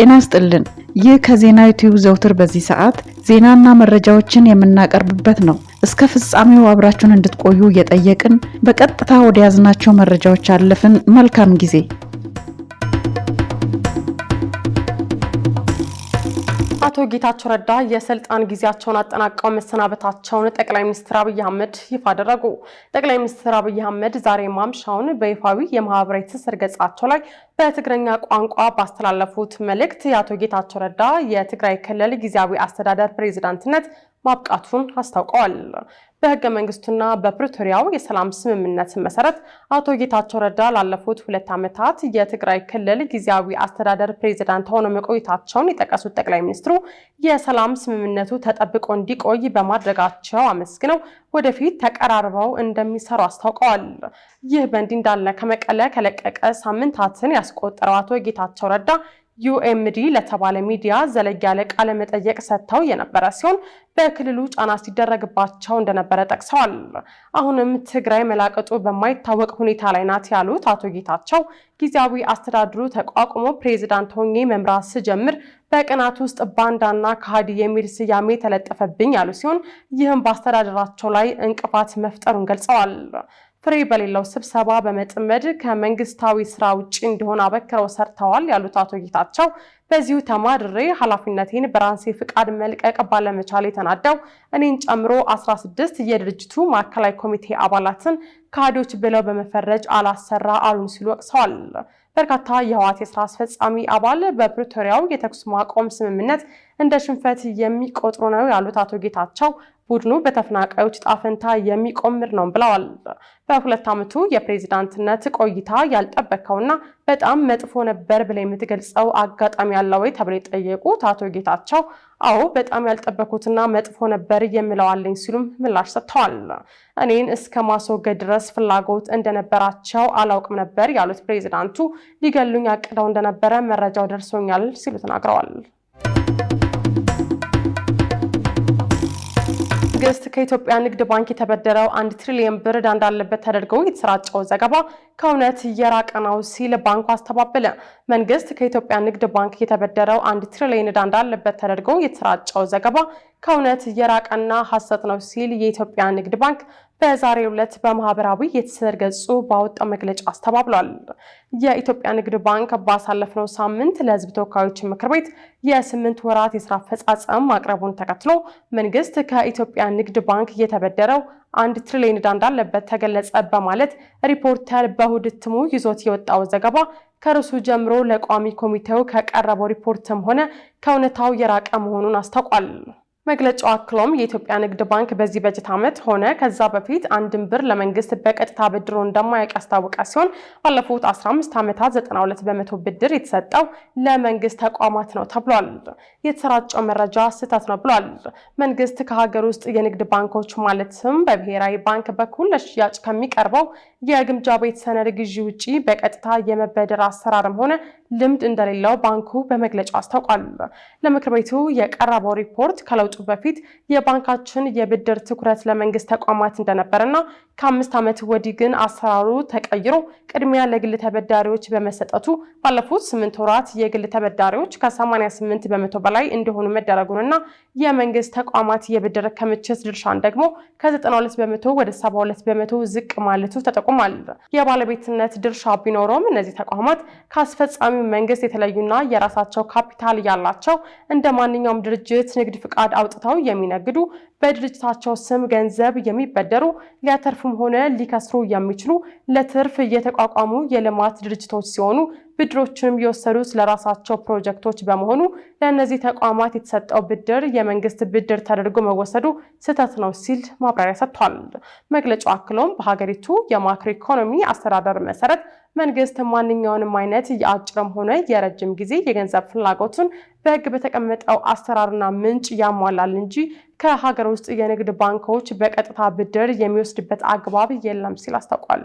ጤና ይስጥልን። ይህ ከዜና ዩቲዩብ ዘውትር በዚህ ሰዓት ዜናና መረጃዎችን የምናቀርብበት ነው። እስከ ፍጻሜው አብራችሁን እንድትቆዩ እየጠየቅን በቀጥታ ወደ ያዝናቸው መረጃዎች አለፍን። መልካም ጊዜ አቶ ጌታቸው ረዳ የስልጣን ጊዜያቸውን አጠናቀው መሰናበታቸውን ጠቅላይ ሚኒስትር አብይ አህመድ ይፋ አደረጉ። ጠቅላይ ሚኒስትር አብይ አህመድ ዛሬ ማምሻውን በይፋዊ የማህበራዊ ትስስር ገጻቸው ላይ በትግረኛ ቋንቋ ባስተላለፉት መልእክት የአቶ ጌታቸው ረዳ የትግራይ ክልል ጊዜያዊ አስተዳደር ፕሬዚዳንትነት ማብቃቱን አስታውቀዋል። በህገ መንግስቱና በፕሪቶሪያው የሰላም ስምምነት መሰረት አቶ ጌታቸው ረዳ ላለፉት ሁለት ዓመታት የትግራይ ክልል ጊዜያዊ አስተዳደር ፕሬዚዳንት ሆነው መቆየታቸውን የጠቀሱት ጠቅላይ ሚኒስትሩ የሰላም ስምምነቱ ተጠብቆ እንዲቆይ በማድረጋቸው አመስግነው ወደፊት ተቀራርበው እንደሚሰሩ አስታውቀዋል። ይህ በእንዲህ እንዳለ ከመቀለ ከለቀቀ ሳምንታትን ያስቆጠረው አቶ ጌታቸው ረዳ ዩኤምዲ ለተባለ ሚዲያ ዘለግ ያለ ቃለ መጠየቅ ሰጥተው የነበረ ሲሆን በክልሉ ጫና ሲደረግባቸው እንደነበረ ጠቅሰዋል። አሁንም ትግራይ መላቀጡ በማይታወቅ ሁኔታ ላይ ናት ያሉት አቶ ጌታቸው ጊዜያዊ አስተዳድሩ ተቋቁሞ ፕሬዚዳንት ሆኜ መምራት ስጀምር በቅናት ውስጥ ባንዳና ከሃዲ የሚል ስያሜ ተለጠፈብኝ ያሉ ሲሆን ይህም በአስተዳደራቸው ላይ እንቅፋት መፍጠሩን ገልጸዋል። ፍሬ በሌለው ስብሰባ በመጥመድ ከመንግስታዊ ስራ ውጭ እንዲሆን አበክረው ሰርተዋል ያሉት አቶ ጌታቸው በዚሁ ተማድሬ ኃላፊነቴን በራሴ ፍቃድ መልቀቅ ባለመቻል የተናደው እኔን ጨምሮ 16 የድርጅቱ ማዕከላዊ ኮሚቴ አባላትን ካዶች ብለው በመፈረጅ አላሰራ አሉን ሲሉ ወቅሰዋል። በርካታ የህወሓት የስራ አስፈጻሚ አባል በፕሪቶሪያው የተኩስ ማቆም ስምምነት እንደ ሽንፈት የሚቆጥሩ ነው ያሉት አቶ ጌታቸው ቡድኑ በተፈናቃዮች ጣፈንታ የሚቆምር ነው ብለዋል። በሁለት ዓመቱ የፕሬዚዳንትነት ቆይታ ያልጠበቀውና በጣም መጥፎ ነበር ብለ የምትገልጸው አጋጣሚ ያለው ወይ ተብለው የጠየቁት አቶ ጌታቸው አዎ በጣም ያልጠበኩትና መጥፎ ነበር የምለዋለኝ ሲሉም ምላሽ ሰጥተዋል። እኔን እስከ ማስወገድ ድረስ ፍላጎት እንደነበራቸው አላውቅም ነበር ያሉት ፕሬዚዳንቱ ሊገሉኝ አቅደው እንደነበረ መረጃው ደርሶኛል ሲሉ ተናግረዋል። ትዕግስት ከኢትዮጵያ ንግድ ባንክ የተበደረው አንድ ትሪሊየን ብር ዕዳ እንዳለበት ተደርገው የተሰራጨው ዘገባ ከእውነት የራቀ ነው ሲል ባንኩ አስተባበለ። መንግስት ከኢትዮጵያ ንግድ ባንክ የተበደረው አንድ ትሪሊየን ዕዳ እንዳለበት ተደርገው የተሰራጨው ዘገባ ከእውነት የራቀና ሐሰት ነው ሲል የኢትዮጵያ ንግድ ባንክ በዛሬው ዕለት በማህበራዊ የትስስር ገጹ ባወጣው መግለጫ አስተባብሏል። የኢትዮጵያ ንግድ ባንክ ባሳለፍነው ሳምንት ለሕዝብ ተወካዮች ምክር ቤት የስምንት ወራት የስራ አፈጻጸም ማቅረቡን ተከትሎ መንግስት ከኢትዮጵያ ንግድ ባንክ እየተበደረው አንድ ትሪሊዮን ዕዳ እንዳለበት ተገለጸ በማለት ሪፖርተር በእሁድ እትሙ ይዞት የወጣው ዘገባ ከርዕሱ ጀምሮ ለቋሚ ኮሚቴው ከቀረበው ሪፖርትም ሆነ ከእውነታው የራቀ መሆኑን አስታውቋል። መግለጫው አክሎም የኢትዮጵያ ንግድ ባንክ በዚህ በጀት ዓመት ሆነ ከዛ በፊት አንድም ብር ለመንግስት በቀጥታ ብድሮ እንደማያውቅ ያስታወቀ ሲሆን ባለፉት 15 ዓመታት 92 በመቶ ብድር የተሰጠው ለመንግስት ተቋማት ነው ተብሏል። የተሰራጨው መረጃ ስህተት ነው ብሏል። መንግስት ከሀገር ውስጥ የንግድ ባንኮች ማለትም በብሔራዊ ባንክ በኩል ለሽያጭ ከሚቀርበው የግምጃ ቤት ሰነድ ግዢ ውጪ በቀጥታ የመበደር አሰራርም ሆነ ልምድ እንደሌለው ባንኩ በመግለጫው አስታውቋል። ለምክር ቤቱ የቀረበው ሪፖርት ከለውጡ ከመቋረጡ በፊት የባንካችን የብድር ትኩረት ለመንግስት ተቋማት እንደነበረና ከአምስት ዓመት ወዲህ ግን አሰራሩ ተቀይሮ ቅድሚያ ለግል ተበዳሪዎች በመሰጠቱ ባለፉት ስምንት ወራት የግል ተበዳሪዎች ከ88 በመቶ በላይ እንደሆኑ መደረጉንና የመንግስት ተቋማት የብድር ክምችት ድርሻን ደግሞ ከ92 በመቶ ወደ 72 በመቶ ዝቅ ማለቱ ተጠቁሟል። የባለቤትነት ድርሻ ቢኖረውም እነዚህ ተቋማት ከአስፈጻሚው መንግስት የተለዩና የራሳቸው ካፒታል ያላቸው እንደ ማንኛውም ድርጅት ንግድ ፍቃድ አውጥተው የሚነግዱ በድርጅታቸው ስም ገንዘብ የሚበደሩ ሊያተርፉ ሊያተርፉም ሆነ ሊከስሩ የሚችሉ ለትርፍ እየተቋቋሙ የልማት ድርጅቶች ሲሆኑ ብድሮችንም የወሰዱት ለራሳቸው ፕሮጀክቶች በመሆኑ ለእነዚህ ተቋማት የተሰጠው ብድር የመንግስት ብድር ተደርጎ መወሰዱ ስህተት ነው ሲል ማብራሪያ ሰጥቷል። መግለጫው አክሎም በሀገሪቱ የማክሮ ኢኮኖሚ አስተዳደር መሰረት መንግስት ማንኛውንም አይነት የአጭርም ሆነ የረጅም ጊዜ የገንዘብ ፍላጎቱን በህግ በተቀመጠው አሰራርና ምንጭ ያሟላል እንጂ ከሀገር ውስጥ የንግድ ባንኮች በቀጥታ ብድር የሚወስድበት አግባብ የለም ሲል አስታውቋል።